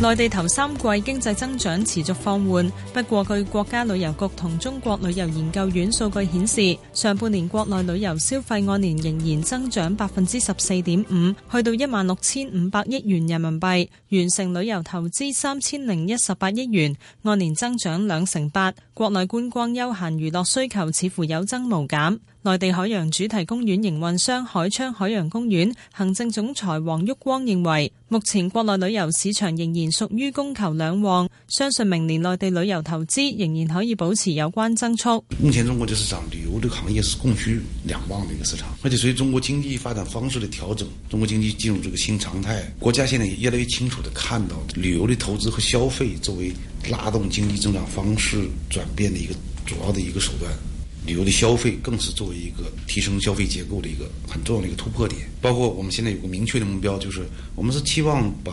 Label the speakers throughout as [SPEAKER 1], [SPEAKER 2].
[SPEAKER 1] 內地頭三季經濟增長持續放緩，不過據國家旅遊局同中國旅遊研究院數據顯示，上半年國內旅遊消費按年仍然增長百分之十四點五，去到一萬六千五百億元人民幣，完成旅遊投資三千零一十八億元，按年增長兩成八。國內觀光休閒娛樂需求似乎有增無減。內地海洋主題公園營運商海昌海洋公園行政總裁王旭光認為，目前國內旅遊市場仍然屬於供求兩旺，相信明年內地旅遊投資仍然可以保持有關增速。
[SPEAKER 2] 目前中國就市場旅遊這個行業是供需兩旺的一個市場，而且隨着中國經濟發展方式的調整，中國經濟進入這個新常態，國家現在也越來越清楚的看到旅遊的投資和消費作為拉動經濟增長方式轉變的一個主要的一個手段，旅遊的消費更是作為一個提升消費結構的一個很重要的一個突破點。包括我們現在有個明確的目標，就是我們是期望把。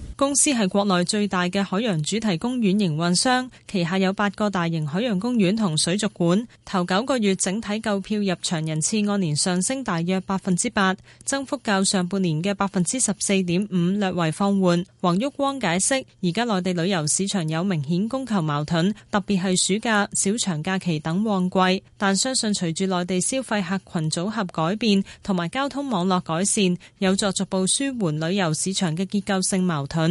[SPEAKER 1] 公司係國內最大嘅海洋主題公園營運商，旗下有八個大型海洋公園同水族館。頭九個月，整體購票入場人次按年上升大約百分之八，增幅較上半年嘅百分之十四點五略為放緩。王旭光解釋：而家內地旅遊市場有明顯供求矛盾，特別係暑假、小長假期等旺季。但相信隨住內地消費客群組合改變同埋交通網絡改善，有助逐步舒緩旅遊市場嘅結構性矛盾。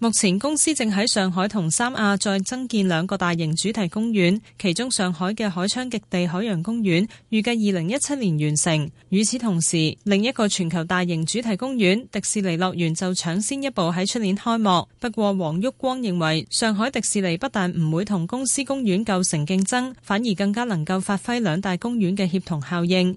[SPEAKER 1] 目前公司正喺上海同三亞再增建兩個大型主題公園，其中上海嘅海昌極地海洋公園預計二零一七年完成。與此同時，另一個全球大型主題公園迪士尼樂園就搶先一步喺出年開幕。不過，王旭光認為上海迪士尼不但唔會同公司公園構成競爭，反而更加能夠發揮兩大公園嘅協同效應。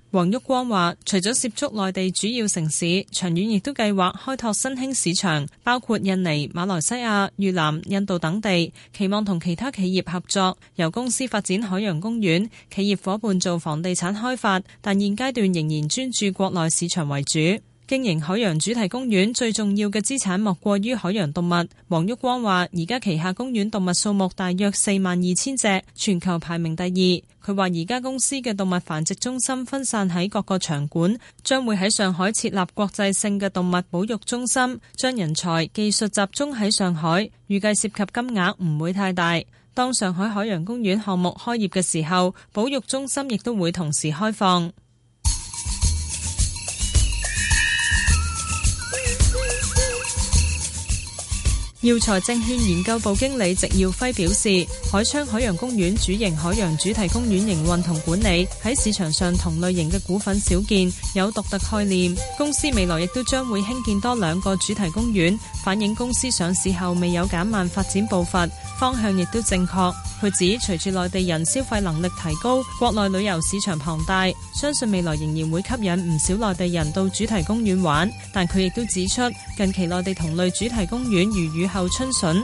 [SPEAKER 1] 王旭光話，除咗涉足內地主要城市，長遠亦都計劃開拓新興市場，包括印尼、馬來西亞、越南、印度等地，期望同其他企業合作，由公司發展海洋公園，企業夥伴做房地產開發，但現階段仍然專注國內市場為主。經營海洋主題公園最重要嘅資產莫過於海洋動物。王旭光話：而家旗下公園動物數目大約四萬二千隻，全球排名第二。佢話：而家公司嘅動物繁殖中心分散喺各個場館，將會喺上海設立國際性嘅動物保育中心，將人才技術集中喺上海，預計涉及金額唔會太大。當上海海洋公園項目開業嘅時候，保育中心亦都會同時開放。耀才證券研究部經理席耀輝表示，海昌海洋公園主營海洋主題公園營運同管理，喺市場上同類型嘅股份少見，有獨特概念。公司未來亦都將會興建多兩個主題公園，反映公司上市後未有減慢發展步伐。方向亦都正確。佢指隨住內地人消費能力提高，國內旅遊市場龐大，相信未來仍然會吸引唔少內地人到主題公園玩。但佢亦都指出，近期內地同類主題公園如雨後春筍。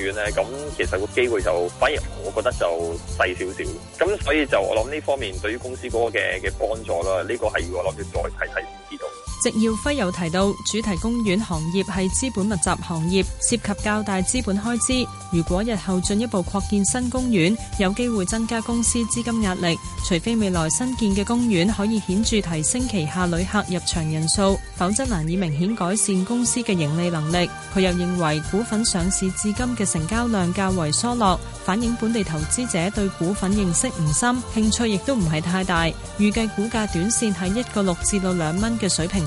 [SPEAKER 1] 遠咧，咁其實個機會就反而我覺得就細少少，咁所以就我諗呢方面對於公司嗰個嘅嘅幫助啦，呢、這個係要我諗住再睇睇先知道。席耀輝有提到，主題公園行業係資本密集行業，涉及較大資本開支。如果日後進一步擴建新公園，有機會增加公司資金壓力。除非未來新建嘅公園可以顯著提升旗下旅客入場人數，否則難以明顯改善公司嘅盈利能力。佢又認為，股份上市至今嘅成交量較為疏落，反映本地投資者對股份認識唔深，興趣亦都唔係太大。預計股價短線喺一個六至到兩蚊嘅水平。